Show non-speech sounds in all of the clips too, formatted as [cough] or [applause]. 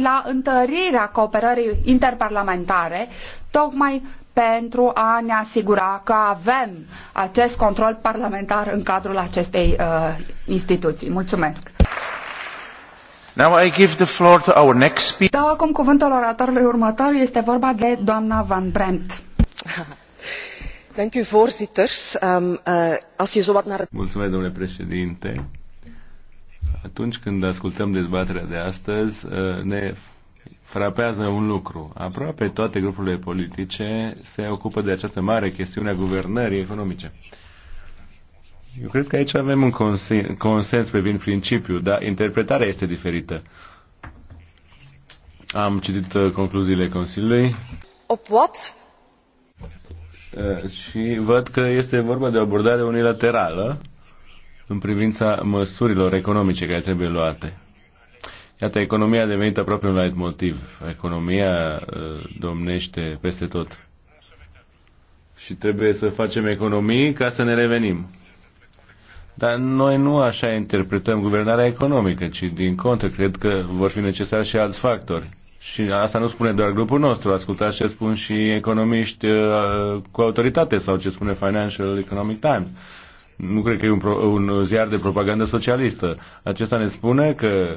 la întărirea cooperării interparlamentare, tocmai pentru a ne asigura că avem acest control parlamentar în cadrul acestei uh, instituții. Mulțumesc! Now I give the floor to our next speaker. Dau acum cuvântul oratorului următor. Este vorba de doamna Van Bremt. Ehm, eh, Mulțumesc, domnule președinte. Atunci când ascultăm dezbaterea de astăzi, uh, ne frapează un lucru. Aproape toate grupurile politice se ocupă de această mare chestiune a guvernării economice. Eu cred că aici avem un consens consens privind principiul, dar interpretarea este diferită. Am citit uh, concluziile Consiliului. Op what? Uh, și văd că este vorba de o abordare unilaterală în privința măsurilor economice care trebuie luate. Iată, economia a devenit aproape un light motiv. Economia uh, domnește peste tot. Și trebuie să facem economii ca să ne revenim. Dar noi nu așa interpretăm guvernarea economică, ci din contră cred că vor fi necesari și alți factori. Și asta nu spune doar grupul nostru, ascultați ce spun și economiști uh, cu autoritate sau ce spune Financial Economic Times. Nu cred că e un, pro, un ziar de propagandă socialistă. Acesta ne spune că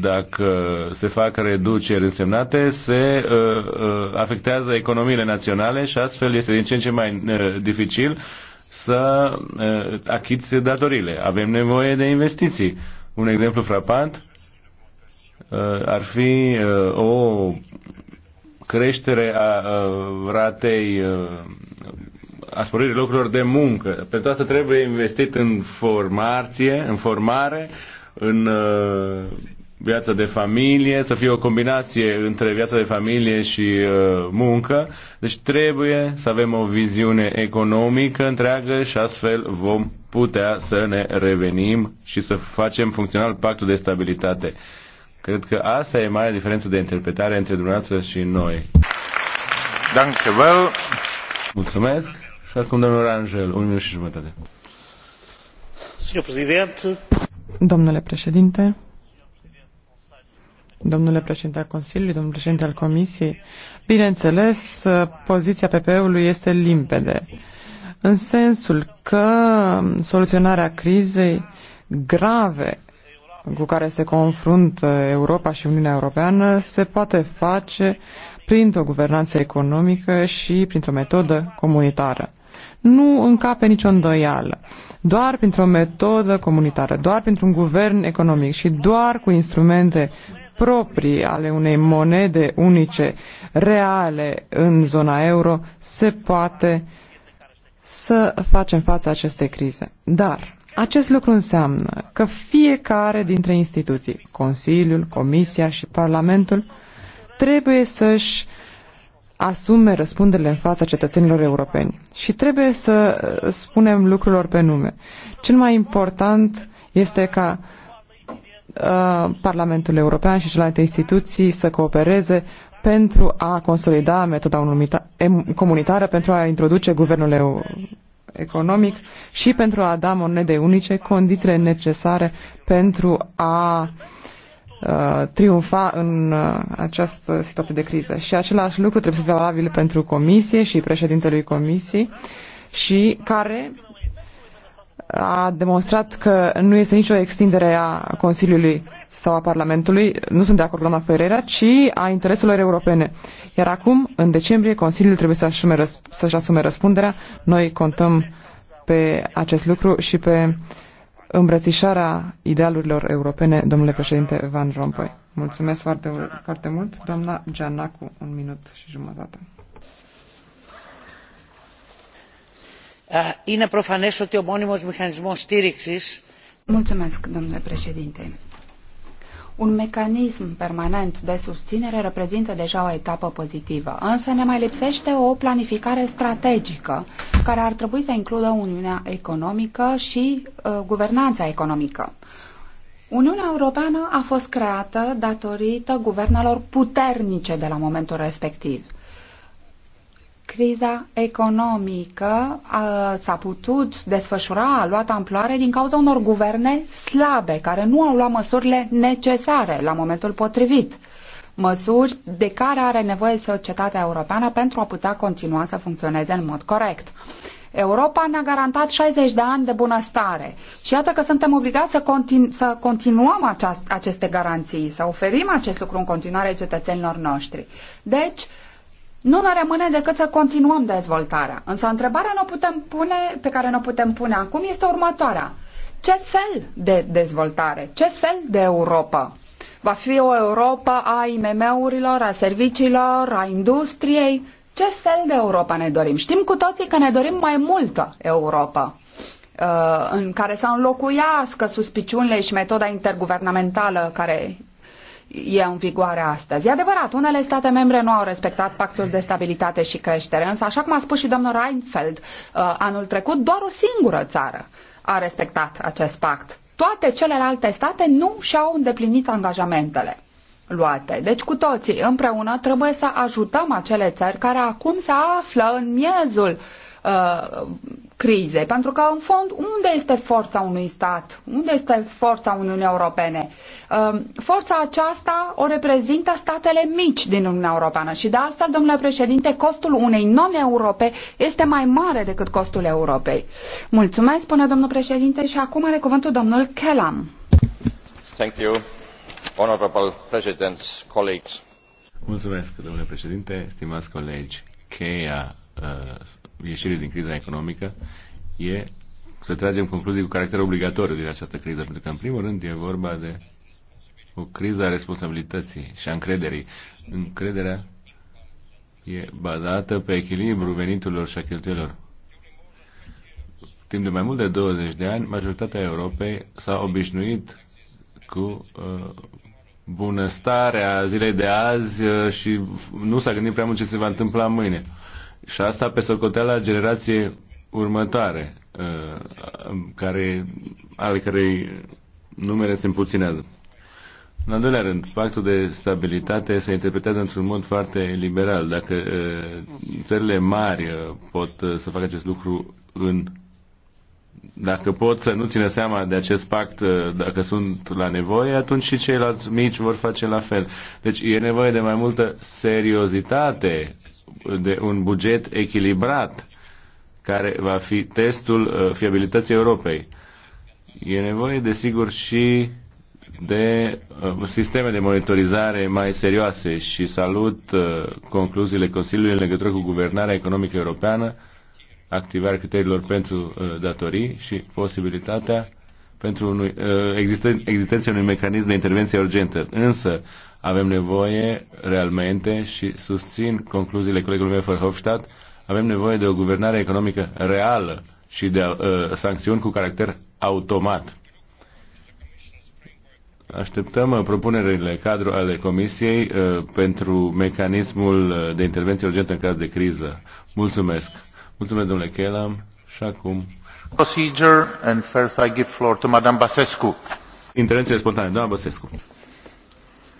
dacă se fac reduceri însemnate, se uh, uh, afectează economiile naționale și astfel este din ce în ce mai uh, dificil să uh, achiți datorile. Avem nevoie de investiții. Un exemplu frapant uh, ar fi uh, o creștere a uh, ratei uh, a sporirii locurilor de muncă. Pentru asta trebuie investit în formație, în formare, în uh, viața de familie, să fie o combinație între viața de familie și uh, muncă. Deci trebuie să avem o viziune economică întreagă și astfel vom putea să ne revenim și să facem funcțional pactul de stabilitate. Cred că asta e mai diferență de interpretare între dumneavoastră și noi. Danke well. Mulțumesc. Și acum domnul Rangel, un minut și jumătate. Domnule președinte, domnule președinte al Consiliului, domnule președinte al Comisiei, bineînțeles, poziția PPE-ului este limpede, în sensul că soluționarea crizei grave cu care se confruntă Europa și Uniunea Europeană se poate face printr-o guvernanță economică și printr-o metodă comunitară nu încape nicio îndoială. Doar printr-o metodă comunitară, doar printr-un guvern economic și doar cu instrumente proprii ale unei monede unice reale în zona euro se poate să facem față acestei crize. Dar acest lucru înseamnă că fiecare dintre instituții, Consiliul, Comisia și Parlamentul, trebuie să-și uh, asume răspunderile în fața cetățenilor europeni. Și trebuie să uh, spunem lucrurilor pe nume. Cel mai important este ca uh, Parlamentul European și celelalte instituții să coopereze pentru a consolida metoda comunitară, pentru a introduce guvernul EU economic și pentru a da monede unice condițiile necesare pentru a uh, triunfa uh, triumfa în uh, această situație de criză. Și același lucru trebuie să fie valabil pentru comisie și președintelui comisiei și care a demonstrat că nu este nicio extindere a Consiliului sau a Parlamentului, nu sunt de acord cu doamna Ferreira, ci a intereselor europene. Iar acum, în decembrie, Consiliul trebuie să asume răsp- să-și asume răspunderea. Noi contăm pe acest lucru și pe uh, îmbrățișarea idealurilor europene, domnule președinte Van Rompuy. Mulțumesc foarte, foarte mult, doamna Gianacu, un minut și jumătate. Mulțumesc, domnule președinte. Un mecanism permanent de susținere reprezintă deja o etapă pozitivă, însă ne mai lipsește o planificare strategică care ar trebui să includă Uniunea Economică și uh, guvernanța economică. Uniunea Europeană a fost creată datorită guvernelor puternice de la momentul respectiv – criza economică s-a putut desfășura, a luat amploare din cauza unor guverne slabe, care nu au luat măsurile necesare la momentul potrivit. Măsuri de care are nevoie societatea europeană pentru a putea continua să funcționeze în mod corect. Europa ne-a garantat 60 de ani de bunăstare și iată că suntem obligați să, continu- să continuăm aceast- aceste garanții, să oferim acest lucru în continuare cetățenilor noștri. Deci, nu ne rămâne decât să continuăm dezvoltarea. Însă întrebarea ne putem pune, pe care ne putem pune acum este următoarea. Ce fel de dezvoltare? Ce fel de Europa? Va fi o Europa a IMM-urilor, a serviciilor, a industriei? Ce fel de Europa ne dorim? Știm cu toții că ne dorim mai multă Europa uh, în care să înlocuiască suspiciunile și metoda interguvernamentală care e în vigoare astăzi. E adevărat, unele state membre nu au respectat pactul de stabilitate și creștere, însă, așa cum a spus și domnul Reinfeld uh, anul trecut, doar o singură țară a respectat acest pact. Toate celelalte state nu și-au îndeplinit angajamentele luate. Deci cu toții împreună trebuie să ajutăm acele țări care acum se află în miezul uh, crize, Pentru că, în fond, unde este forța unui stat? Unde este forța Uniunii Europene? Um, forța aceasta o reprezintă statele mici din Uniunea Europeană și, de altfel, domnule președinte, costul unei non-Europe este mai mare decât costul Europei. Mulțumesc, spune domnul președinte, și acum are cuvântul domnul Kellam. Thank you, honorable president, colleagues. Mulțumesc, domnule președinte, stimați colegi. Cheia uh, ieșirii din criza economică e să tragem concluzii cu caracter obligatoriu din această criză, pentru că, în primul rând, e vorba de o criză a responsabilității și a încrederii. Încrederea e bazată pe echilibru veniturilor și a cheltuielor. Timp de mai mult de 20 de ani, majoritatea Europei s-a obișnuit cu uh, bunăstarea zilei de azi uh, și nu s-a gândit prea mult ce se va întâmpla mâine. Uh, și asta pe socoteala generație următoare, uh, care, ale cărei numere se împuținează. În al doilea rând, pactul de stabilitate se interpretează într-un mod foarte liberal. Dacă uh, țările mari uh, pot să facă acest lucru în dacă pot să nu țină seama de acest pact dacă sunt la nevoie, atunci și ceilalți mici vor face la fel. Deci e nevoie de mai multă seriozitate de un buget echilibrat care va fi testul uh, fiabilității Europei. E nevoie, desigur, și de uh, sisteme de monitorizare mai serioase și salut uh, concluziile Consiliului în legătură cu guvernarea economică europeană, activarea criteriilor pentru datorii și posibilitatea pentru unui, existența unui mecanism de intervenție urgentă. Însă, avem nevoie realmente și susțin concluziile colegului meu Verhofstadt, avem nevoie de o guvernare economică reală și de uh, sancțiuni cu caracter automat. Așteptăm uh, propunerile cadru ale Comisiei uh, pentru mecanismul uh, de intervenție urgentă în caz de criză. Mulțumesc. Mulțumesc, domnule Kelam. Și acum... Procedure and first I give floor to Madame Basescu. Intervenție spontane. Doamna Basescu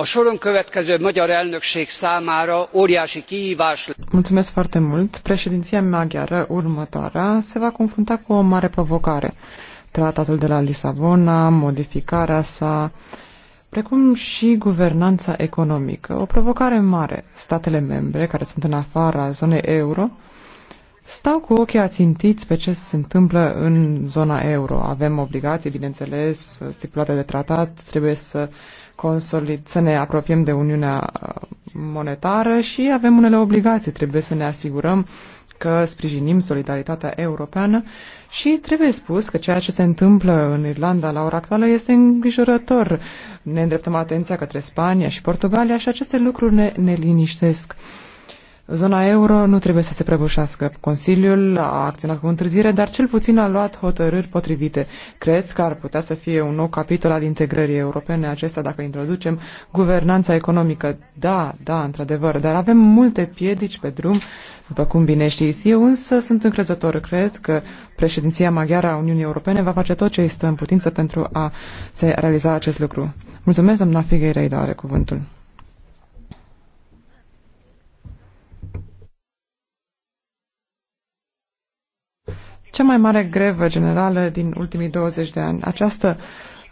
a soron következő magyar elnökség számára óriási kihívás. Mulțumesc foarte mult. Președinția maghiară următoarea se va confrunta cu o mare provocare. Tratatul de la Lisabona, modificarea sa, precum și guvernanța economică. O provocare mare. Statele membre, care sunt în afara zonei euro, stau cu ochii ațintiți pe ce se întâmplă în zona euro. Avem obligații, bineînțeles, stipulate de tratat, trebuie să consolid, să ne apropiem de Uniunea uh, Monetară și avem unele obligații. Trebuie să ne asigurăm că sprijinim solidaritatea europeană și trebuie spus că ceea ce se întâmplă în Irlanda la ora actuală este îngrijorător. Ne îndreptăm atenția către Spania și Portugalia și aceste lucruri ne, ne liniștesc. Zona euro nu trebuie să se prăbușească. Consiliul a acționat cu întârziere, dar cel puțin a luat hotărâri potrivite. Cred că ar putea să fie un nou capitol al integrării europene acesta dacă introducem guvernanța economică. Da, da, într-adevăr, dar avem multe piedici pe drum, după cum bine știți. Eu însă sunt încrezător. Cred că președinția maghiară a Uniunii Europene va face tot ce este în putință pentru a se realiza acest lucru. Mulțumesc, doamna Figueiredo, are cuvântul. cea mai mare grevă generală din ultimii 20 de ani. Această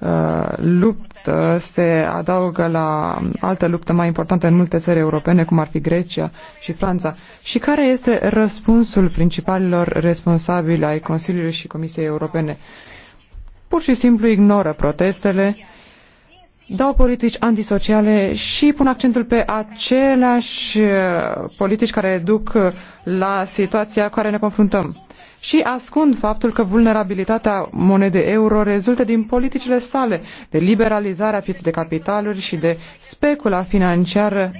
uh, luptă se adaugă la altă luptă mai importantă în multe țări europene, cum ar fi Grecia și Franța. Și care este răspunsul principalilor responsabili ai Consiliului și Comisiei Europene? Pur și simplu ignoră protestele, dau politici antisociale și pun accentul pe aceleași uh, politici care duc la situația cu care ne confruntăm și ascund faptul că vulnerabilitatea monedei euro rezultă din politicile sale de liberalizare a pieței de capitaluri și de specula financiară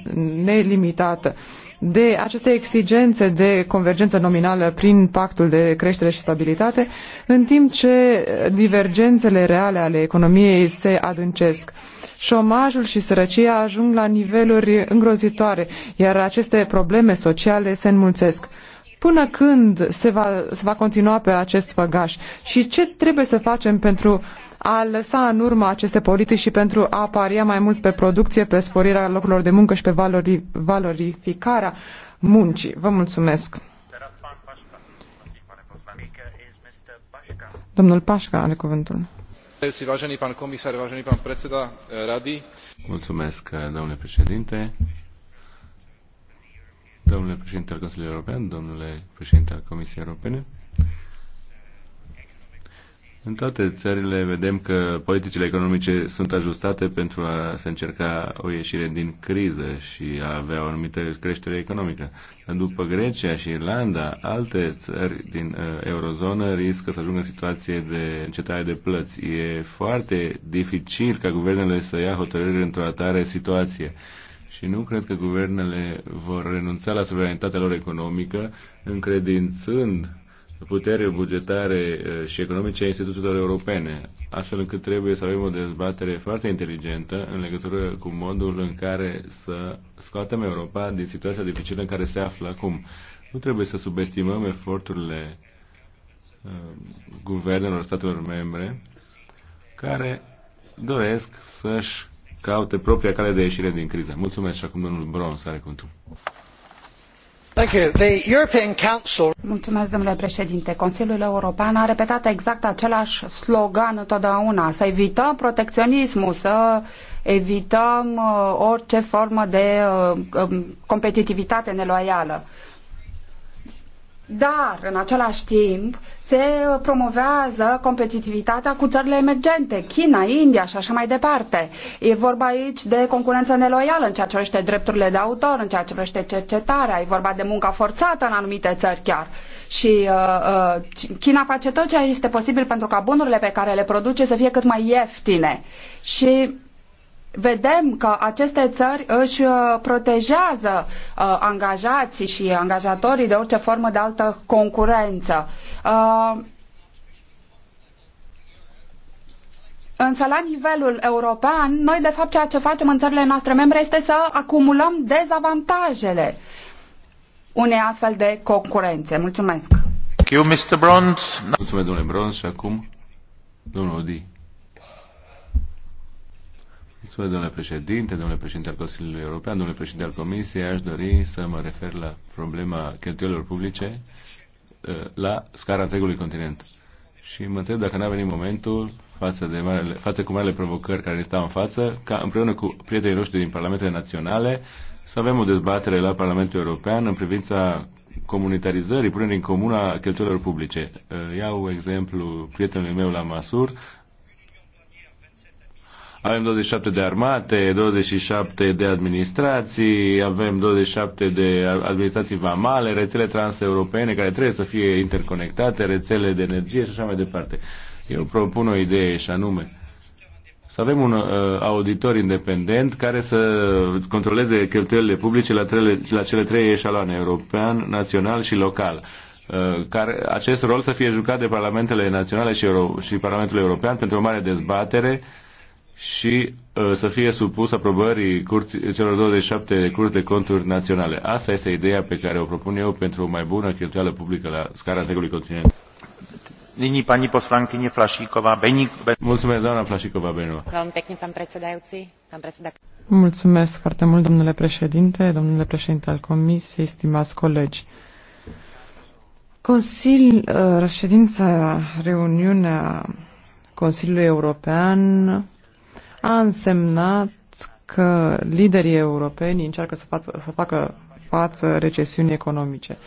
nelimitată de aceste exigențe de convergență nominală prin pactul de creștere și stabilitate, în timp ce divergențele reale ale economiei se adâncesc. Șomajul și sărăcia ajung la niveluri îngrozitoare, iar aceste probleme sociale se înmulțesc. Până când se va, se va continua pe acest făgaș? Și ce trebuie să facem pentru a lăsa în urmă aceste politici și pentru a paria mai mult pe producție, pe sporirea locurilor de muncă și pe valori, valorificarea muncii? Vă mulțumesc! Domnul Pașca are cuvântul. Mulțumesc, domnule președinte. Domnule președinte al Consiliului European, domnule președinte al Comisiei Europene, în toate țările vedem că politicile economice sunt ajustate pentru a se încerca o ieșire din criză și a avea o anumită creștere economică. După Grecia și Irlanda, alte țări din uh, eurozonă riscă să ajungă în situație de încetare de plăți. E foarte dificil ca guvernele să ia hotărâri într-o atare situație și nu cred că guvernele vor renunța la suveranitatea lor economică, încredințând putere bugetare eh, și economice a instituțiilor europene, astfel încât trebuie să avem o dezbatere foarte inteligentă în legătură cu modul în care să scoatem Europa din situația dificilă în care se află acum. Nu trebuie să subestimăm eforturile eh, guvernelor statelor membre care doresc să-și caute propria cale de ieșire din criză. Mulțumesc și acum domnul să are cuvântul. Mulțumesc, domnule președinte. Consiliul European a repetat exact același slogan întotdeauna, să evităm protecționismul, să evităm uh, orice formă de uh, um, competitivitate neloială dar în același timp se uh, promovează competitivitatea cu țările emergente, China, India și așa mai departe. E vorba aici de concurență neloială în ceea ce privește drepturile de autor, în ceea ce privește cercetarea, e vorba de munca forțată în anumite țări chiar. Și uh, uh, China face tot ce este posibil pentru ca bunurile pe care le produce să fie cât mai ieftine. Și vedem că aceste țări își uh, protejează uh, angajații și angajatorii de orice formă de altă concurență. Uh, Însă la nivelul european, noi de fapt ceea ce facem în țările noastre membre este să acumulăm dezavantajele unei astfel de concurențe. Mulțumesc! you, Mr. Bronze. Mulțumesc, domnule Bronze. Și acum, domnul Odi. Mulțumesc, domnule președinte, domnule președinte al Consiliului European, domnule președinte al Comisiei. Aș dori să mă refer la problema cheltuielor publice uh, la scara întregului continent. Și mă întreb dacă n-a venit momentul față, de marele, față cu marele provocări care ne stau în față, ca împreună cu prietenii noștri din Parlamentele Naționale să avem o dezbatere la Parlamentul European în privința comunitarizării, punerii în comun a cheltuielor publice. Uh, iau exemplu prietenului meu la Masur, avem 27 de armate, 27 de administrații, avem 27 de administrații vamale, rețele transeuropene care trebuie să fie interconectate, rețele de energie și așa mai departe. Eu propun o idee și anume să avem un uh, auditor independent care să controleze cheltuielile publice la, trele, la cele trei eșaloane, european, național și local uh, care acest rol să fie jucat de parlamentele naționale și, Euro- și Parlamentul European pentru o mare dezbatere și uh, să fie supus aprobării curți, celor 27 de curți de conturi naționale. Asta este ideea pe care o propun eu pentru o mai bună cheltuială publică la scara întregului continent. Nyní paní poslankyně Flašíková Beník. Mulțumesc, doamna Flašíková Beník. Vám pekne, pán predsedajúci. Pán predseda... Mulțumesc foarte mult, domnule președinte, domnule președinte al comisiei, stimați colegi. Consil, uh, reședința, reuniunea Consiliului European a însemnat că liderii europeni încearcă să, față, să facă față recesiunii economice.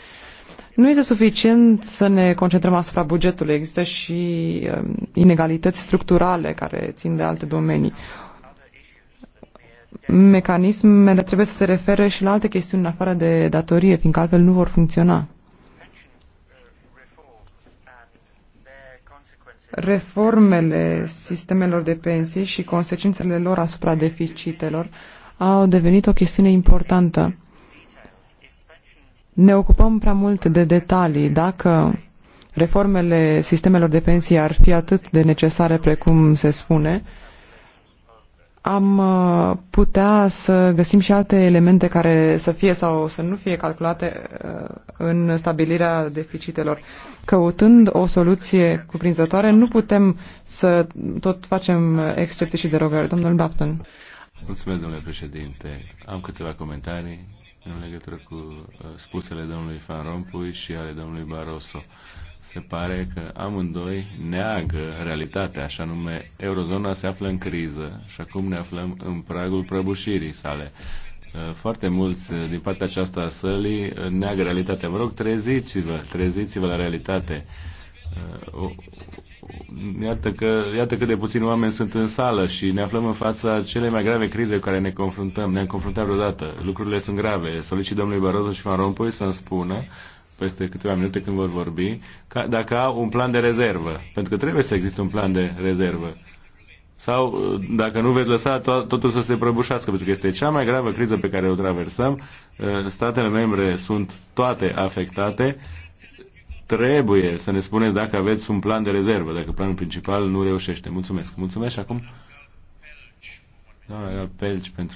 Nu este suficient să ne concentrăm asupra bugetului. Există și um, inegalități structurale care țin de alte domenii. Mecanismele trebuie să se refere și la alte chestiuni în afară de datorie, fiindcă altfel nu vor funcționa. reformele sistemelor de pensii și consecințele lor asupra deficitelor au devenit o chestiune importantă. Ne ocupăm prea mult de detalii. Dacă reformele sistemelor de pensii ar fi atât de necesare precum se spune, am uh, putea să găsim și alte elemente care să fie sau să nu fie calculate uh, în stabilirea deficitelor. Căutând o soluție cuprinzătoare, nu putem să tot facem excepții și derogări. Domnul Bapton. Mulțumesc, domnule președinte. Am câteva comentarii în legătură cu uh, spusele domnului Van Rompuy și ale domnului Barroso. Uh, se pare că amândoi neagă realitatea, așa nume eurozona se află în criză și acum ne aflăm în pragul prăbușirii sale. Uh, foarte mulți uh, din partea aceasta a sălii uh, neagă realitatea. Vă rog, treziți-vă, treziți-vă la realitate. Iată că, iată că de puțini oameni sunt în sală și ne aflăm în fața cele mai grave crize cu care ne confruntăm. Ne-am confruntat vreodată. Lucrurile sunt grave. Solicit domnului Barozo și Van Rompuy să-mi spună peste câteva minute când vor vorbi, ca, dacă au un plan de rezervă. Pentru că trebuie să existe un plan de rezervă. Sau uh, dacă nu veți lăsa to- totul să se prăbușească, pentru că este cea mai gravă criză pe care o traversăm, uh, statele membre sunt toate afectate, trebuie să ne spuneți dacă aveți un plan de rezervă, dacă planul principal nu reușește. Mulțumesc. Mulțumesc și acum Doamna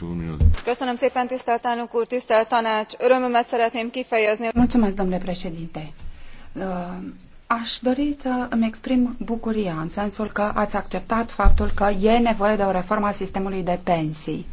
un minut. Köszönöm szépen, tisztelt elnök úr, tisztelt tanács. Örömömet szeretném kifejezni. Mulțumesc, domnule președinte. Uh, aș dori să îmi exprim bucuria în sensul că ați acceptat faptul că e nevoie de o reformă a sistemului de pensii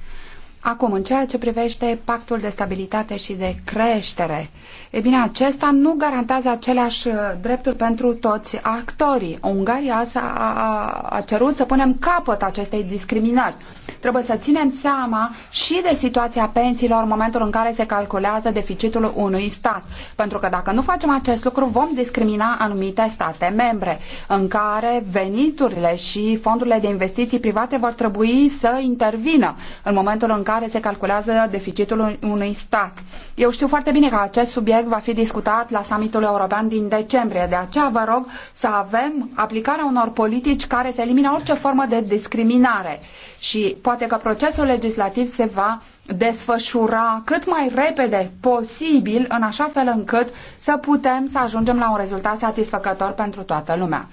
Acum, în ceea ce privește pactul de stabilitate și de creștere, e bine, acesta nu garantează aceleași uh, drepturi pentru toți actorii. Ungaria a, a, a cerut să punem capăt acestei discriminări. Trebuie să ținem seama și de situația pensiilor în momentul în care se calculează deficitul unui stat. Pentru că dacă nu facem acest lucru, vom discrimina anumite state membre în care veniturile și fondurile de investiții private vor trebui să intervină în momentul în care care se calculează deficitul unui stat. Eu știu foarte bine că acest subiect va fi discutat la summitul european din decembrie, de aceea vă rog să avem aplicarea unor politici care să elimine orice formă de discriminare și poate că procesul legislativ se va desfășura cât mai repede posibil în așa fel încât să putem să ajungem la un rezultat satisfăcător pentru toată lumea.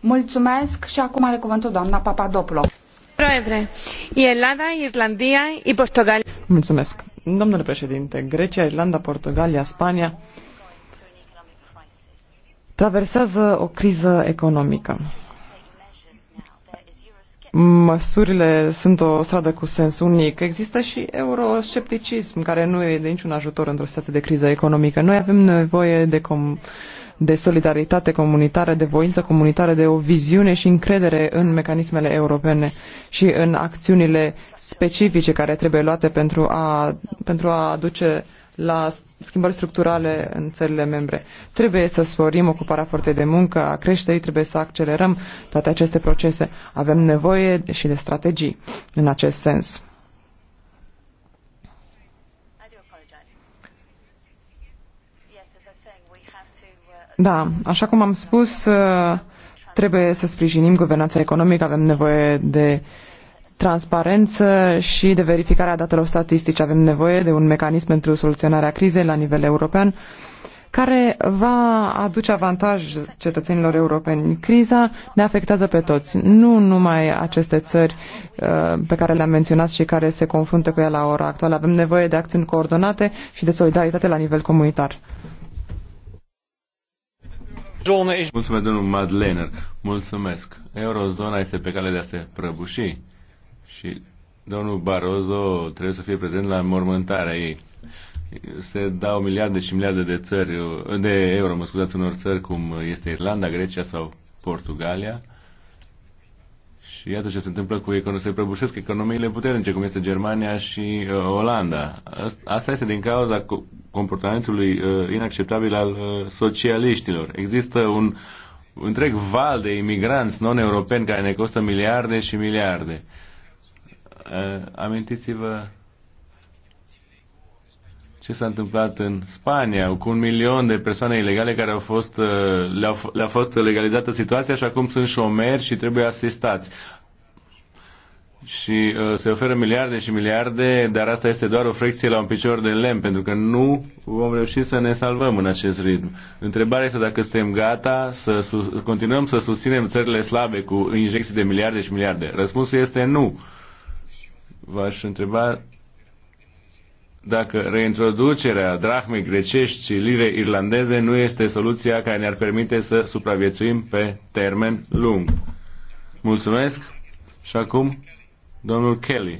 Mulțumesc și acum are cuvântul doamna Papadopoulos. Mulțumesc. Domnule președinte, Grecia, Irlanda, Portugalia, Spania traversează o criză economică. Măsurile sunt o stradă cu sens unic. Există și euroscepticism, care nu e de niciun ajutor într-o situație de criză economică. Noi avem nevoie de com- de solidaritate comunitară, de voință comunitară, de o viziune și încredere în mecanismele europene și în acțiunile specifice care trebuie luate pentru a, pentru a aduce la schimbări structurale în țările membre. Trebuie să sporim ocuparea forței de muncă, a creșterii, trebuie să accelerăm toate aceste procese. Avem nevoie și de strategii în acest sens. Da, așa cum am spus, uh, trebuie să sprijinim guvernanța economică, avem nevoie de transparență și de verificarea datelor statistice. Avem nevoie de un mecanism pentru soluționarea crizei la nivel european care va aduce avantaj cetățenilor europeni. Criza ne afectează pe toți, nu numai aceste țări uh, pe care le-am menționat și care se confruntă cu ea la ora actuală. Avem nevoie de acțiuni coordonate și de solidaritate la nivel comunitar. Mulțumesc, domnul Madlener. Mulțumesc. Eurozona este pe cale de a se prăbuși și domnul Barroso trebuie să fie prezent la mormântarea ei. Se dau miliarde și miliarde de țări, de euro, mă scuzați, unor țări cum este Irlanda, Grecia sau Portugalia și iată ce se întâmplă cu economia. Se prăbușesc economiile puternice, cum este Germania și uh, Olanda. Asta este din cauza comportamentului uh, inacceptabil al uh, socialiștilor. Există un întreg val de imigranți non-europeni care ne costă miliarde și miliarde. Uh, amintiți-vă ce s-a întâmplat în Spania cu un milion de persoane ilegale care au fost, uh, le-a le fost legalizată situația și acum sunt șomeri și trebuie asistați. Și uh, se oferă miliarde și miliarde, dar asta este doar o fracție la un picior de lemn, pentru că nu vom reuși să ne salvăm în acest ritm. Întrebarea este dacă suntem gata să continuăm să susținem țările slabe cu injecții de miliarde și miliarde. Răspunsul este nu. V-aș întreba dacă reintroducerea drahmei grecești și lire irlandeze nu este soluția care ne-ar permite să supraviețuim pe termen lung. Mulțumesc și acum domnul Kelly.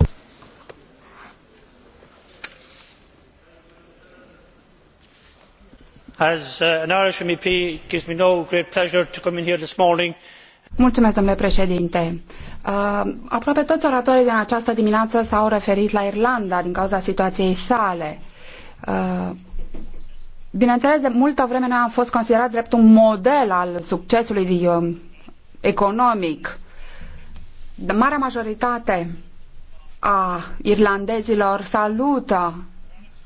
As uh, an Irish MEP, gives me no great pleasure to come in here this morning. Mulțumesc, domnule președinte. Uh, aproape toți oratorii din această dimineață s-au referit la Irlanda din cauza situației sale. Uh, bineînțeles, de multă vreme am fost considerat drept un model al succesului um, economic. De marea majoritate a irlandezilor salută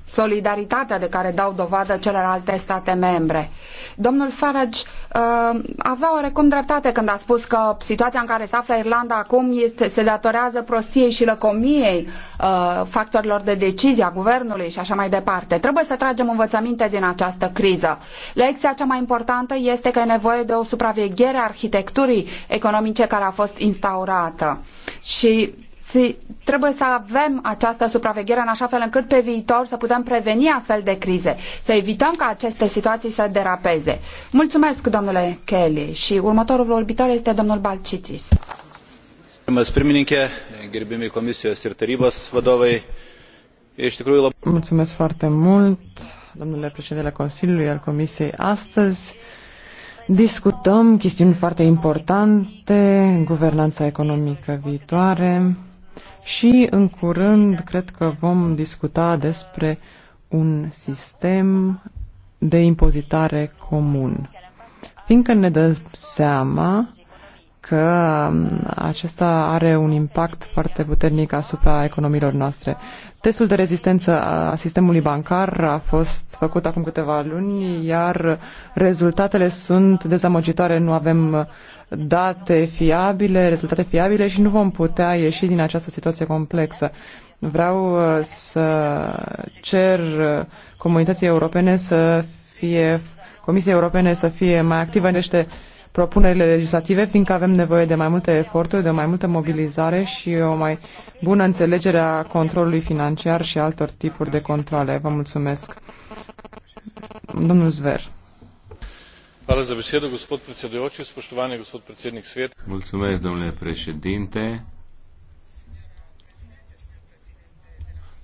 solidaritatea de care dau dovadă celelalte state membre. Domnul Farage uh, avea oarecum dreptate când a spus că situația în care se află Irlanda acum este, se datorează prostiei și lăcomiei uh, factorilor de decizie a guvernului și așa mai departe. Trebuie să tragem învățăminte din această criză. Lecția cea mai importantă este că e nevoie de o supraveghere a arhitecturii economice care a fost instaurată. Și trebuie să avem această supraveghere în așa fel încât pe viitor să putem preveni astfel de crize, să evităm ca aceste situații să derapeze. Mulțumesc, domnule Kelly, și următorul vorbitor este domnul Balcitis. Mulțumesc foarte mult, domnule președintele Consiliului al Comisiei astăzi. Discutăm chestiuni foarte importante, guvernanța economică viitoare, și în curând cred că vom discuta despre un sistem de impozitare comun. Fiindcă ne dăm seama că um, acesta are un impact foarte puternic asupra economiilor noastre. Testul de rezistență a sistemului bancar a fost făcut acum câteva luni, iar rezultatele sunt dezamăgitoare. Nu avem date fiabile, rezultate fiabile și nu vom putea ieși din această situație complexă. Vreau uh, să cer uh, comunității europene să fie, Comisiei Europene să fie mai activă în niște propunerile legislative, fiindcă avem nevoie de mai multe eforturi, de mai multă mobilizare și o mai bună înțelegere a controlului financiar și altor tipuri de controle. Vă mulțumesc. Domnul Zver. Mulțumesc, domnule președinte.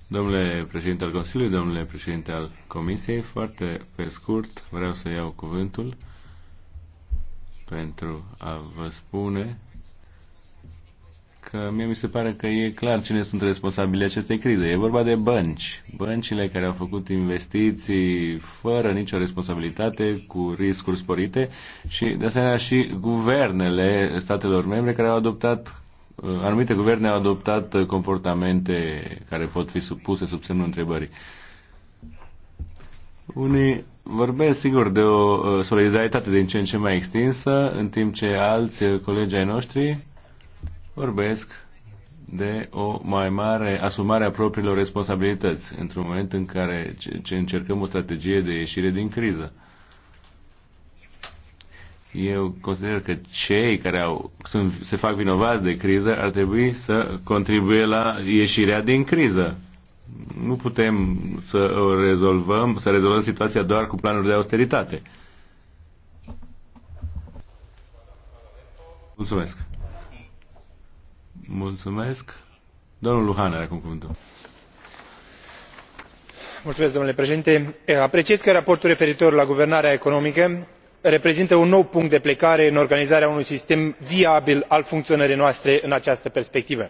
Domnule președinte al Consiliului, domnule președinte al Comisiei, foarte pe scurt vreau să iau cuvântul pentru a vă spune că mie mi se pare că e clar cine sunt responsabili acestei crize. E vorba de bănci. Băncile care au făcut investiții fără nicio responsabilitate, cu riscuri sporite și, de asemenea, și guvernele statelor membre care au adoptat uh, anumite guverne au adoptat uh, comportamente care pot fi supuse sub semnul întrebării. Unii vorbesc, sigur, de o uh, solidaritate din ce în ce mai extinsă, în timp ce alți uh, colegi ai noștri vorbesc de o mai mare asumare a propriilor responsabilități într-un moment în care ce, ce încercăm o strategie de ieșire din criză. Eu consider că cei care au, sunt, se fac vinovați de criză ar trebui să contribuie la ieșirea din criză nu putem să rezolvăm, să rezolvăm situația doar cu planuri de austeritate. Mulțumesc. Mulțumesc. Domnul Luhan are acum cuvântul. Mulțumesc, domnule președinte. Apreciez că raportul referitor la guvernarea economică reprezintă un nou punct de plecare în organizarea unui sistem viabil al funcționării noastre în această perspectivă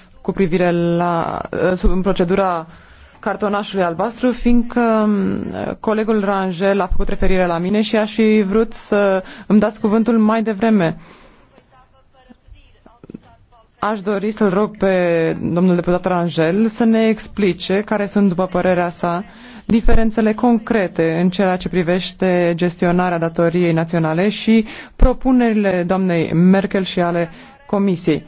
cu privire la eh, sub, procedura cartonașului albastru, fiindcă mm, colegul Rangel a făcut referire la mine și aș fi vrut să îmi dați cuvântul mai devreme. Aș dori să-l rog pe domnul deputat Rangel să ne explice care sunt, după părerea sa, diferențele concrete în ceea ce privește gestionarea datoriei naționale și propunerile doamnei Merkel și ale Comisiei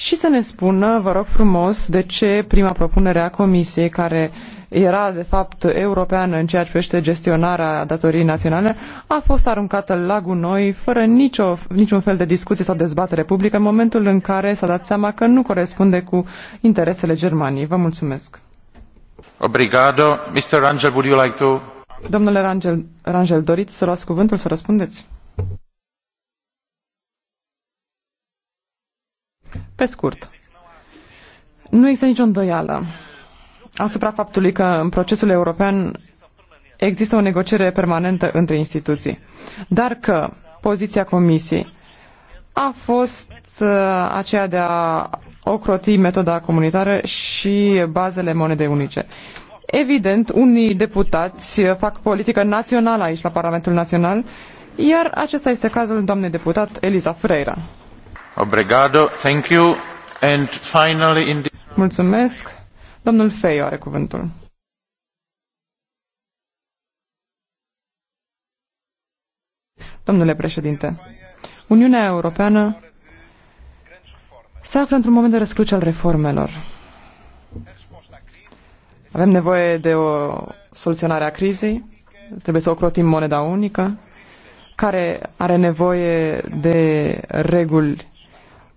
și să ne spună, vă rog frumos, de ce prima propunere a Comisiei, care era de fapt europeană în ceea ce privește gestionarea datoriei naționale, a fost aruncată la gunoi fără nicio, niciun fel de discuție sau dezbatere publică în momentul în care s-a dat seama că nu corespunde cu interesele Germaniei. Vă mulțumesc. Obrigado. Mr. Rangel, would you like to... Domnule Rangel, Rangel, doriți să luați cuvântul, să răspundeți? Pe scurt, nu există nicio îndoială asupra faptului că în procesul european există o negociere permanentă între instituții, dar că poziția Comisiei a fost uh, aceea de a ocroti metoda comunitară și bazele monedei unice. Evident, unii deputați fac politică națională aici, la Parlamentul Național, iar acesta este cazul doamnei deputat Eliza Freira. Obrigado. Mulțumesc. Domnul Feio are cuvântul. Domnule președinte, Uniunea Europeană se află într-un moment de răscruce al reformelor. Avem nevoie de o soluționare a crizei, trebuie să ocrotim moneda unică, care are nevoie de reguli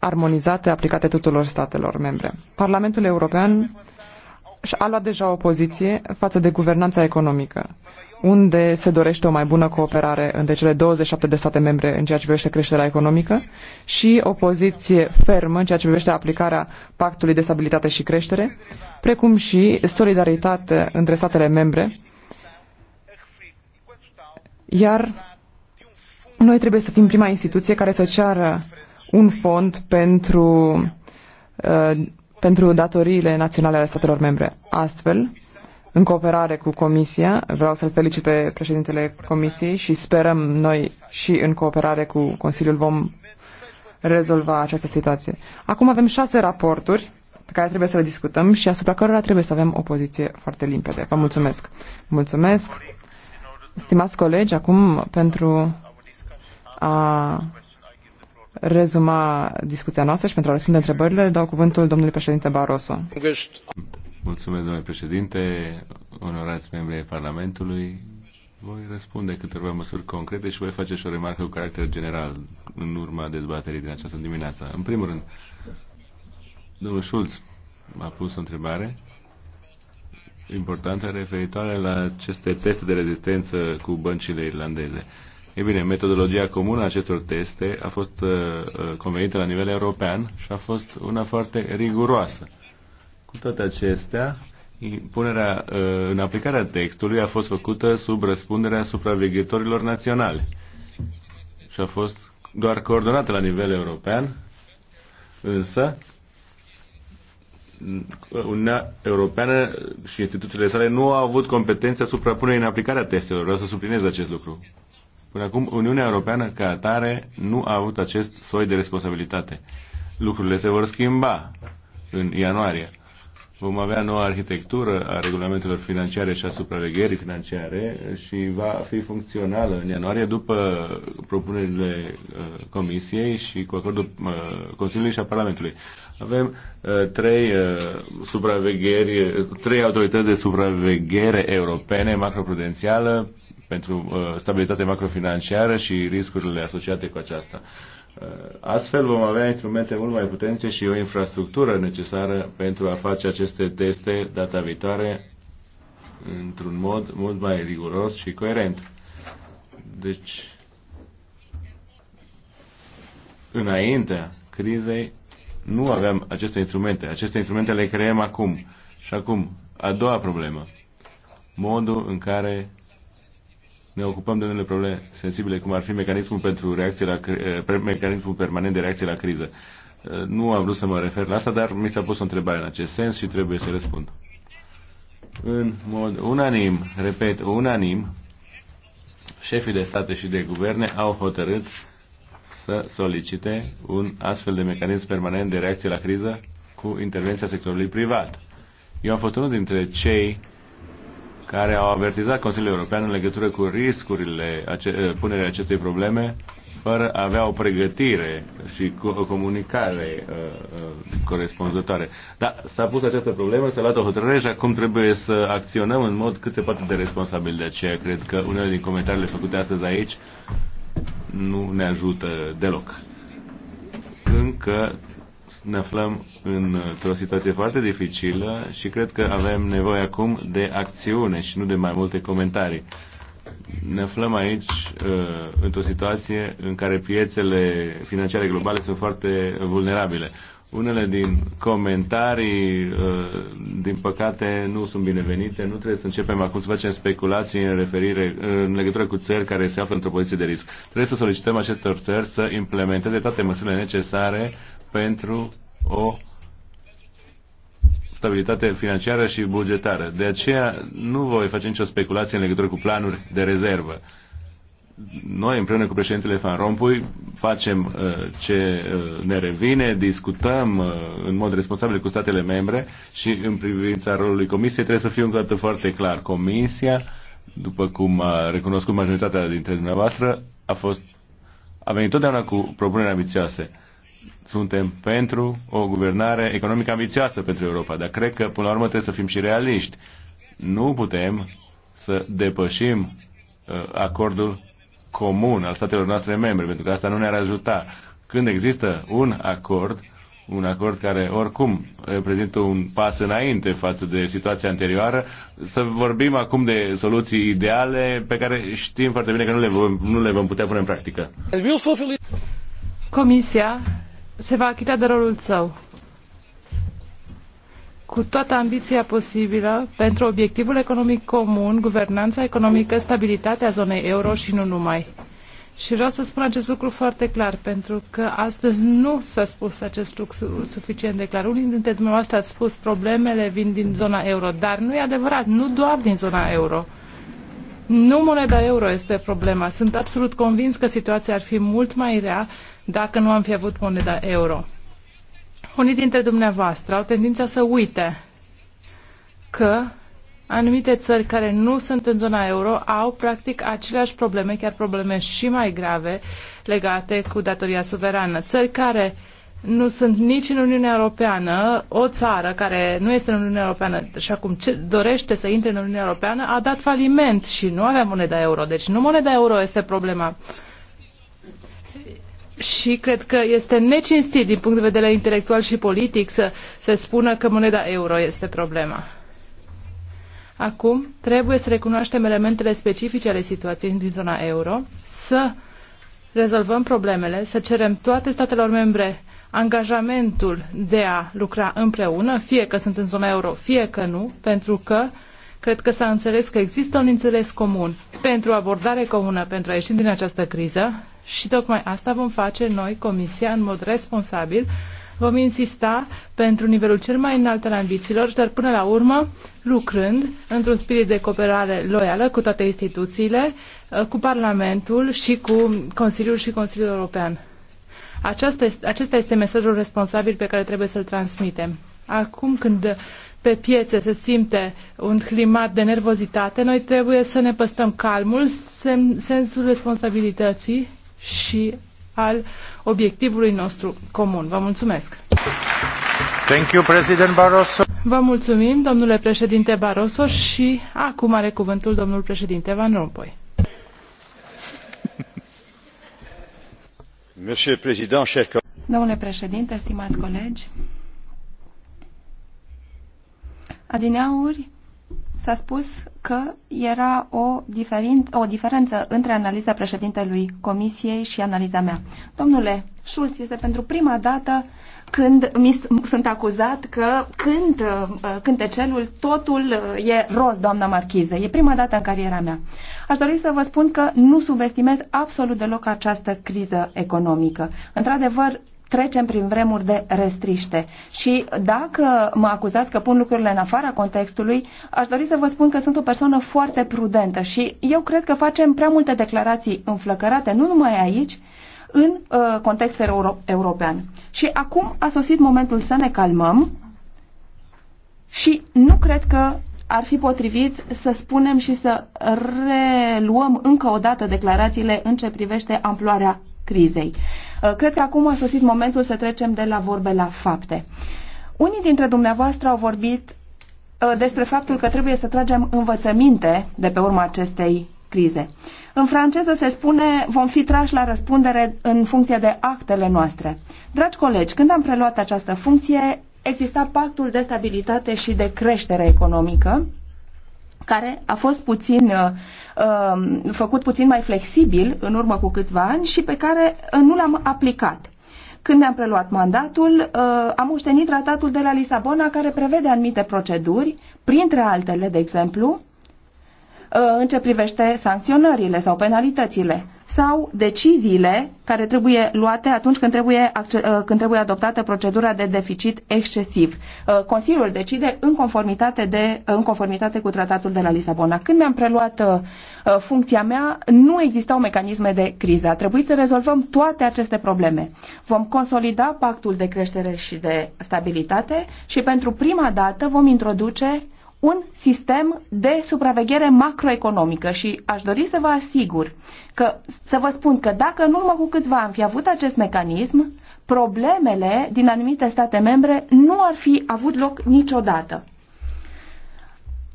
armonizate aplicate tuturor statelor membre. Parlamentul European a luat deja o poziție față de guvernanța economică, unde se dorește o mai bună cooperare între cele 27 de state membre în ceea ce privește creșterea economică și o poziție fermă în ceea ce privește aplicarea Pactului de Stabilitate și Creștere, precum și solidaritate între statele membre, iar noi trebuie să fim prima instituție care să ceară un fond pentru, uh, pentru datoriile naționale ale statelor membre. Astfel, în cooperare cu Comisia, vreau să-l felicit pe președintele Comisiei și sperăm noi și în cooperare cu Consiliul vom rezolva această situație. Acum avem șase raporturi pe care trebuie să le discutăm și asupra cărora trebuie să avem o poziție foarte limpede. Vă mulțumesc! Mulțumesc! Stimați colegi, acum pentru a rezuma discuția noastră și pentru a răspunde întrebările, dau cuvântul domnului președinte Barroso. Mulțumesc, domnule președinte, onorați membrii Parlamentului. Voi răspunde câteva măsuri concrete și voi face și o remarcă cu caracter general în urma dezbaterii din această dimineață. În primul rând, domnul Schulz m-a pus o întrebare importantă referitoare la aceste teste de rezistență cu băncile irlandeze. Uh, E bine, metodologia comună a acestor teste a fost uh, uh, convenită la nivel european și a fost una foarte riguroasă. Cu toate acestea, punerea uh, în aplicarea textului a fost făcută sub răspunderea supraveghetorilor naționali și a fost doar coordonată la nivel european, însă Uniunea Europeană și instituțiile sale nu au avut competența suprapunerii în aplicarea testelor. Vreau să subliniez acest lucru. Până acum, Uniunea Europeană ca atare nu a avut acest soi de responsabilitate. Lucrurile se vor schimba în ianuarie. Vom avea noua arhitectură a regulamentelor financiare și a supravegherii financiare și va fi funcțională în ianuarie după propunerile uh, Comisiei și cu acordul uh, Consiliului și a Parlamentului. Avem uh, trei supravegheri, trei autorități de supraveghere europene, macroprudențială, pentru uh, stabilitate macrofinanciară și riscurile asociate cu aceasta. Uh, astfel vom avea instrumente mult mai puternice și o infrastructură necesară pentru a face aceste teste data viitoare într-un mod mult mai riguros și coerent. Deci, înaintea crizei nu aveam aceste instrumente. Aceste instrumente le creăm acum. Și acum, a doua problemă modul în care ne ocupăm de unele probleme sensibile, cum ar fi mecanismul, pentru reacție la, eh, mecanismul permanent de reacție la criză. Eh, nu am vrut să mă refer la asta, dar mi s-a pus o întrebare în acest sens și trebuie să răspund. În mod unanim, repet, unanim, șefii de state și de guverne au hotărât să solicite un astfel de mecanism permanent de reacție la criză cu intervenția sectorului privat. Eu am fost unul dintre cei care au avertizat Consiliul European în legătură cu riscurile ace- eh, punerii acestei probleme fără a avea o pregătire și o comunicare uh, uh, corespunzătoare. Dar s-a pus această problemă, s-a luat o hotărâre și acum trebuie să acționăm în mod cât se poate de responsabil. De aceea cred că unele din comentariile făcute astăzi aici nu ne ajută deloc. Încă ne aflăm într-o situație foarte dificilă și cred că avem nevoie acum de acțiune și nu de mai multe comentarii. Ne aflăm aici uh, într-o situație în care piețele financiare globale sunt foarte vulnerabile. Unele din comentarii, uh, din păcate, nu sunt binevenite. Nu trebuie să începem acum să facem speculații în referire, în legătură cu țări care se află într-o poziție de risc. Trebuie să solicităm acestor țări să implementeze toate măsurile necesare uh, pentru o stabilitate financiară și bugetară. De aceea nu voi face nicio speculație în legătură cu planuri de rezervă. Noi, împreună cu președintele Van Rompuy, facem uh, ce uh, ne revine, discutăm uh, în mod responsabil cu statele membre și în privința rolului Comisiei trebuie să fiu încă dată foarte clar. Comisia, după cum a recunoscut majoritatea dintre dumneavoastră, a fost a venit totdeauna cu propuneri ambițioase suntem pentru o guvernare economică ambițioasă pentru Europa, dar cred că până la urmă trebuie să fim și realiști. Nu putem să depășim uh, acordul comun al statelor noastre membre, pentru că asta nu ne-ar ajuta. Când există un acord, un acord care oricum reprezintă un pas înainte față de situația anterioară, să vorbim acum de soluții ideale pe care știm foarte bine că nu le vom, nu le vom putea pune în practică. Comisia se va achita de rolul său cu toată ambiția posibilă pentru obiectivul economic comun, guvernanța economică, stabilitatea zonei euro și nu numai. Și vreau să spun acest lucru foarte clar, pentru că astăzi nu s-a spus acest lucru suficient de clar. Unii dintre dumneavoastră ați spus problemele vin din zona euro, dar nu e adevărat, nu doar din zona euro. Nu moneda euro este problema. Sunt absolut convins că situația ar fi mult mai rea dacă nu am fi avut moneda euro. Unii dintre dumneavoastră au tendința să uite că anumite țări care nu sunt în zona euro au practic aceleași probleme, chiar probleme și mai grave legate cu datoria suverană. Țări care nu sunt nici în Uniunea Europeană, o țară care nu este în Uniunea Europeană și acum ce dorește să intre în Uniunea Europeană a dat faliment și nu avea moneda euro. Deci nu moneda euro este problema și cred că este necinstit din punct de vedere intelectual și politic să se spună că moneda euro este problema. Acum trebuie să recunoaștem elementele specifice ale situației din zona euro, să rezolvăm problemele, să cerem toate statelor membre angajamentul de a lucra împreună, fie că sunt în zona euro, fie că nu, pentru că cred că s-a înțeles că există un înțeles comun pentru abordare comună, pentru a ieși din această criză și tocmai asta vom face noi, Comisia, în mod responsabil. Vom insista pentru nivelul cel mai înalt al ambițiilor, dar până la urmă lucrând într-un spirit de cooperare loială cu toate instituțiile, uh, cu Parlamentul și cu Consiliul și Consiliul European. Aceasta este, acesta este mesajul responsabil pe care trebuie să-l transmitem. Acum când pe piețe se simte un climat de nervozitate, noi trebuie să ne păstrăm calmul, sensul responsabilității și al obiectivului nostru comun. Vă mulțumesc! Thank you, President Barroso. Vă mulțumim, domnule președinte Barroso, și acum are cuvântul domnul președinte Van Rompuy. [laughs] Domnule președinte, stimați colegi, adineauri s-a spus că era o, diferin, o diferență între analiza președintelui Comisiei și analiza mea. Domnule Schulz, este pentru prima dată când mi sunt acuzat că când uh, cântecelul totul uh, e roz, doamna marchiză. E prima dată în cariera mea. Aș dori să vă spun că nu subestimez absolut deloc această criză economică. Într-adevăr, trecem prin vremuri de restriște. Și dacă mă acuzați că pun lucrurile în afara contextului, aș dori să vă spun că sunt o persoană foarte prudentă și eu cred că facem prea multe declarații înflăcărate, nu numai aici, în uh, contextul euro- european. Și acum a sosit momentul să ne calmăm și nu cred că ar fi potrivit să spunem și să reluăm încă o dată declarațiile în ce privește amploarea crizei. Uh, cred că acum a sosit momentul să trecem de la vorbe la fapte. Unii dintre dumneavoastră au vorbit uh, despre faptul că trebuie să tragem învățăminte de pe urma acestei crize. În franceză se spune vom fi trași la răspundere în funcție de actele noastre. Dragi colegi, când am preluat această funcție, exista pactul de stabilitate și de creștere economică, care a fost puțin uh, Um, făcut puțin mai flexibil în urmă cu câțiva ani și pe care uh, nu l-am aplicat. Când ne-am preluat mandatul, uh, am moștenit tratatul de la Lisabona care prevede anumite proceduri, printre altele, de exemplu, uh, în ce privește sancționările sau penalitățile sau deciziile care trebuie luate atunci când trebuie, uh, când trebuie adoptată procedura de deficit excesiv. Uh, Consiliul decide în conformitate, de, în conformitate cu tratatul de la Lisabona. Când mi-am preluat uh, funcția mea, nu existau mecanisme de criză. A trebuit să rezolvăm toate aceste probleme. Vom consolida pactul de creștere și de stabilitate și pentru prima dată vom introduce un sistem de supraveghere macroeconomică și aș dori să vă asigur că, să vă spun că dacă în urmă cu câțiva am fi avut acest mecanism, problemele din anumite state membre nu ar fi avut loc niciodată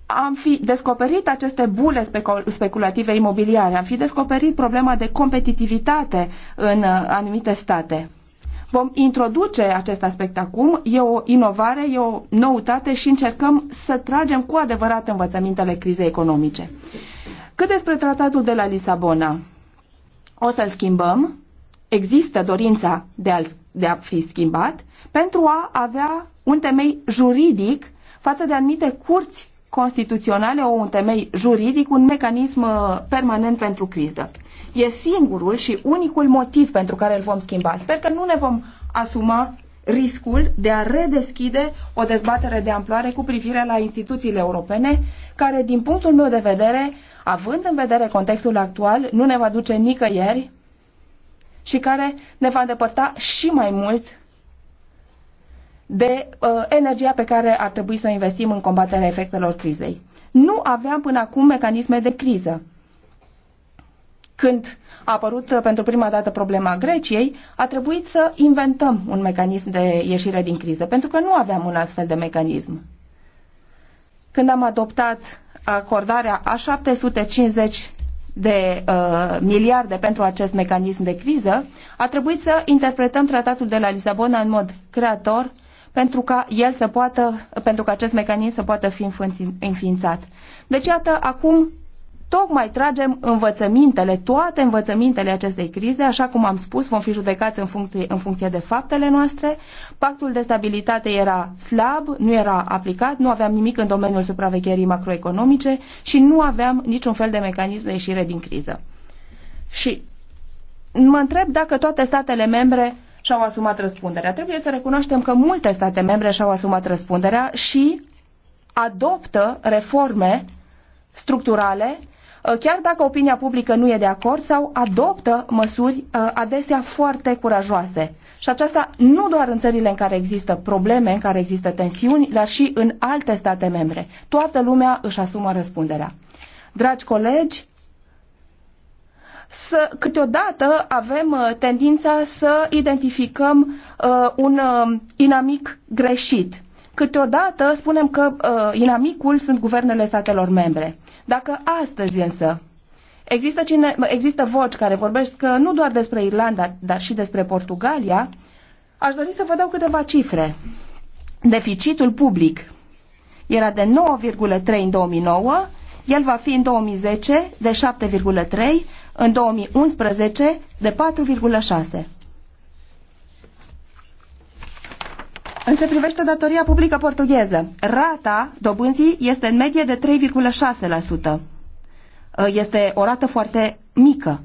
am fi descoperit aceste bule speculative imobiliare, am fi descoperit problema de competitivitate în uh, anumite state. Vom introduce acest aspect acum, e o inovare, e o noutate și încercăm să tragem cu adevărat învățămintele crizei economice. Cât despre tratatul de la Lisabona, o să-l schimbăm, există dorința de a, de a fi schimbat, pentru a avea un temei juridic față de anumite curți constituționale, o un temei juridic, un mecanism uh, permanent pentru criză. E singurul și unicul motiv pentru care îl vom schimba. Sper că nu ne vom asuma riscul de a redeschide o dezbatere de amploare cu privire la instituțiile europene, care, din punctul meu de vedere, având în vedere contextul actual, nu ne va duce nicăieri și care ne va îndepărta și mai mult de uh, energia pe care ar trebui să o investim în combaterea efectelor crizei. Nu aveam până acum mecanisme de criză când a apărut uh, pentru prima dată problema Greciei, a trebuit să inventăm un mecanism de ieșire din criză, pentru că nu aveam un astfel de mecanism. Când am adoptat acordarea a 750 de uh, miliarde pentru acest mecanism de criză, a trebuit să interpretăm tratatul de la Lisabona în mod creator pentru ca el să poată, pentru ca acest mecanism să poată fi înființat. Deci, iată, acum tocmai tragem învățămintele, toate învățămintele acestei crize, așa cum am spus, vom fi judecați în funcție, în funcție de faptele noastre. Pactul de stabilitate era slab, nu era aplicat, nu aveam nimic în domeniul supravegherii macroeconomice și nu aveam niciun fel de mecanism de ieșire din criză. Și mă întreb dacă toate statele membre și-au asumat răspunderea. Trebuie să recunoaștem că multe state membre și-au asumat răspunderea și adoptă reforme structurale Uh, chiar dacă opinia publică nu e de acord sau adoptă măsuri uh, adesea foarte curajoase. Și aceasta nu doar în țările în care există probleme, în care există tensiuni, dar și în alte state membre. Toată lumea își asumă răspunderea. Dragi colegi, să, câteodată avem uh, tendința să identificăm uh, un uh, inamic greșit Câteodată spunem că uh, inamicul sunt guvernele statelor membre. Dacă astăzi însă există, cine, există voci care vorbesc nu doar despre Irlanda, dar și despre Portugalia, aș dori să vă dau câteva cifre. Deficitul public era de 9,3 în 2009, el va fi în 2010 de 7,3, în 2011 de 4,6. În ce privește datoria publică portugheză, rata dobânzii este în medie de 3,6%. Uh, este o rată foarte mică.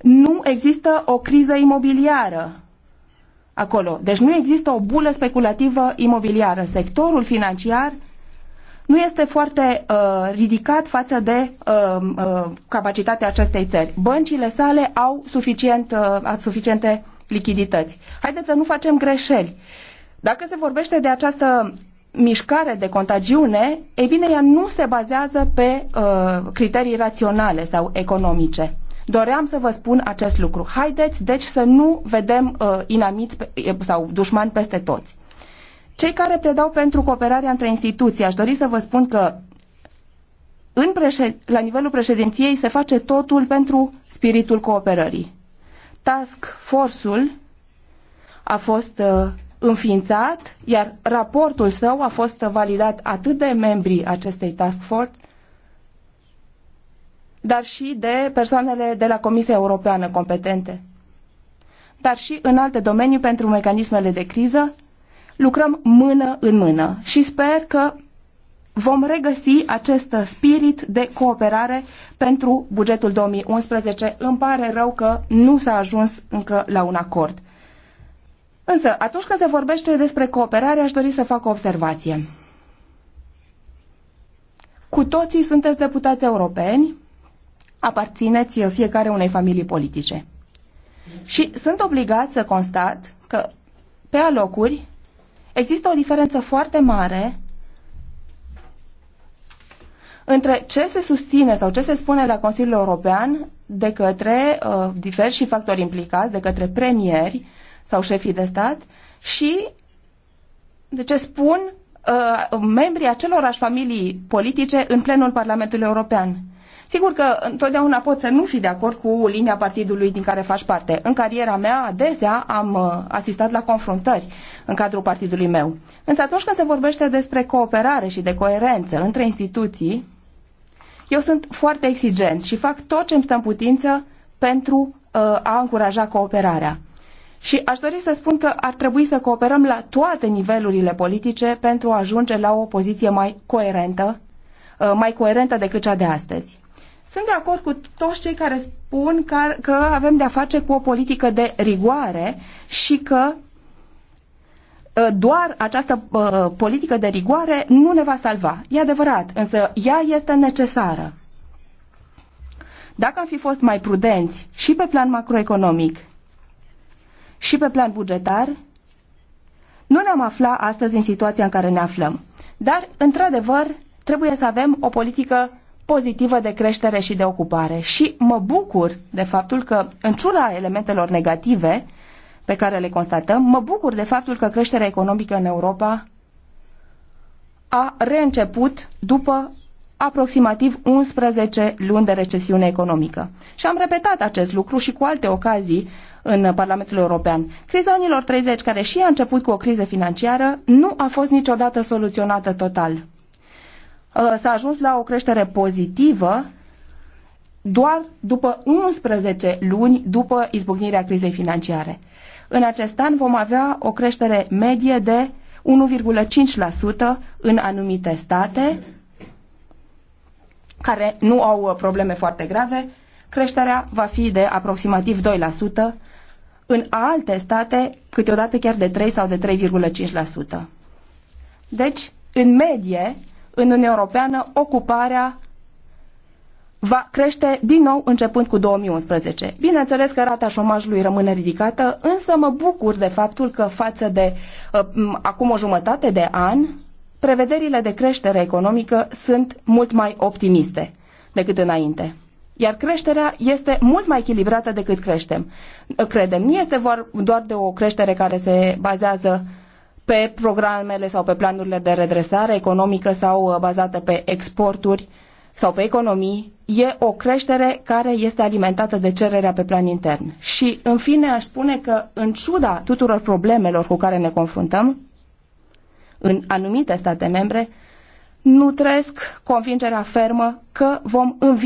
Nu există o criză imobiliară acolo. Deci nu există o bulă speculativă imobiliară. Sectorul financiar nu este foarte uh, ridicat față de uh, uh, capacitatea acestei țări. Băncile sale au suficient, uh, suficiente lichidități. Haideți să nu facem greșeli. Dacă se vorbește de această mișcare de contagiune, e bine, ea nu se bazează pe uh, criterii raționale sau economice. Doream să vă spun acest lucru. Haideți, deci, să nu vedem uh, inamiți pe, sau dușmani peste toți. Cei care predau pentru cooperarea între instituții, aș dori să vă spun că în președ... la nivelul președinției se face totul pentru spiritul cooperării task force-ul a fost uh, înființat, iar raportul său a fost validat atât de membrii acestei task force, dar și de persoanele de la Comisia Europeană competente. Dar și în alte domenii pentru mecanismele de criză, lucrăm mână în mână și sper că vom regăsi acest spirit de cooperare pentru bugetul 2011. Îmi pare rău că nu s-a ajuns încă la un acord. Însă, atunci când se vorbește despre cooperare, aș dori să fac o observație. Cu toții sunteți deputați europeni, aparțineți fiecare unei familii politice. Și sunt obligat să constat că, pe alocuri, există o diferență foarte mare între ce se susține sau ce se spune la Consiliul European de către uh, diversi factori implicați, de către premieri sau șefii de stat și de ce spun uh, membrii acelorași familii politice în plenul Parlamentului European. Sigur că întotdeauna pot să nu fi de acord cu linia partidului din care faci parte. În cariera mea, adesea, am uh, asistat la confruntări în cadrul partidului meu. Însă atunci când se vorbește despre cooperare și de coerență între instituții, eu sunt foarte exigent și fac tot ce îmi stă în putință pentru uh, a încuraja cooperarea. Și aș dori să spun că ar trebui să cooperăm la toate nivelurile politice pentru a ajunge la o poziție mai coerentă, uh, mai coerentă decât cea de astăzi. Sunt de acord cu toți cei care spun că, că avem de-a face cu o politică de rigoare și că Ă, doar această ă, politică de rigoare nu ne va salva. E adevărat, însă ea este necesară. Dacă am fi fost mai prudenți și pe plan macroeconomic și pe plan bugetar, nu ne-am afla astăzi în situația în care ne aflăm. Dar, într-adevăr, trebuie să avem o politică pozitivă de creștere și de ocupare. Și mă bucur de faptul că, în ciuda elementelor negative, pe care le constatăm, mă bucur de faptul că creșterea economică în Europa a reînceput după aproximativ 11 luni de recesiune economică. Și am repetat acest lucru și cu alte ocazii în Parlamentul European. Criza anilor 30, care și a început cu o criză financiară, nu a fost niciodată soluționată total. Uh, s-a ajuns la o creștere pozitivă doar după 11 luni după izbucnirea crizei financiare. În acest an vom avea o creștere medie de 1,5% în anumite state care nu au uh, probleme foarte grave. Creșterea va fi de aproximativ 2%, în alte state câteodată chiar de 3 sau de 3,5%. Deci, în medie, în Uniunea Europeană, ocuparea va crește din nou începând cu 2011. Bineînțeles că rata șomajului rămâne ridicată, însă mă bucur de faptul că față de uh, acum o jumătate de an, prevederile de creștere economică sunt mult mai optimiste decât înainte. Iar creșterea este mult mai echilibrată decât creștem. Credem, nu este doar de o creștere care se bazează pe programele sau pe planurile de redresare economică sau uh, bazată pe exporturi, sau pe economii e o creștere care este alimentată de cererea pe plan intern. Și, în fine, aș spune că, în ciuda tuturor problemelor cu care ne confruntăm, în anumite state membre, nu trăiesc convingerea fermă că vom învinge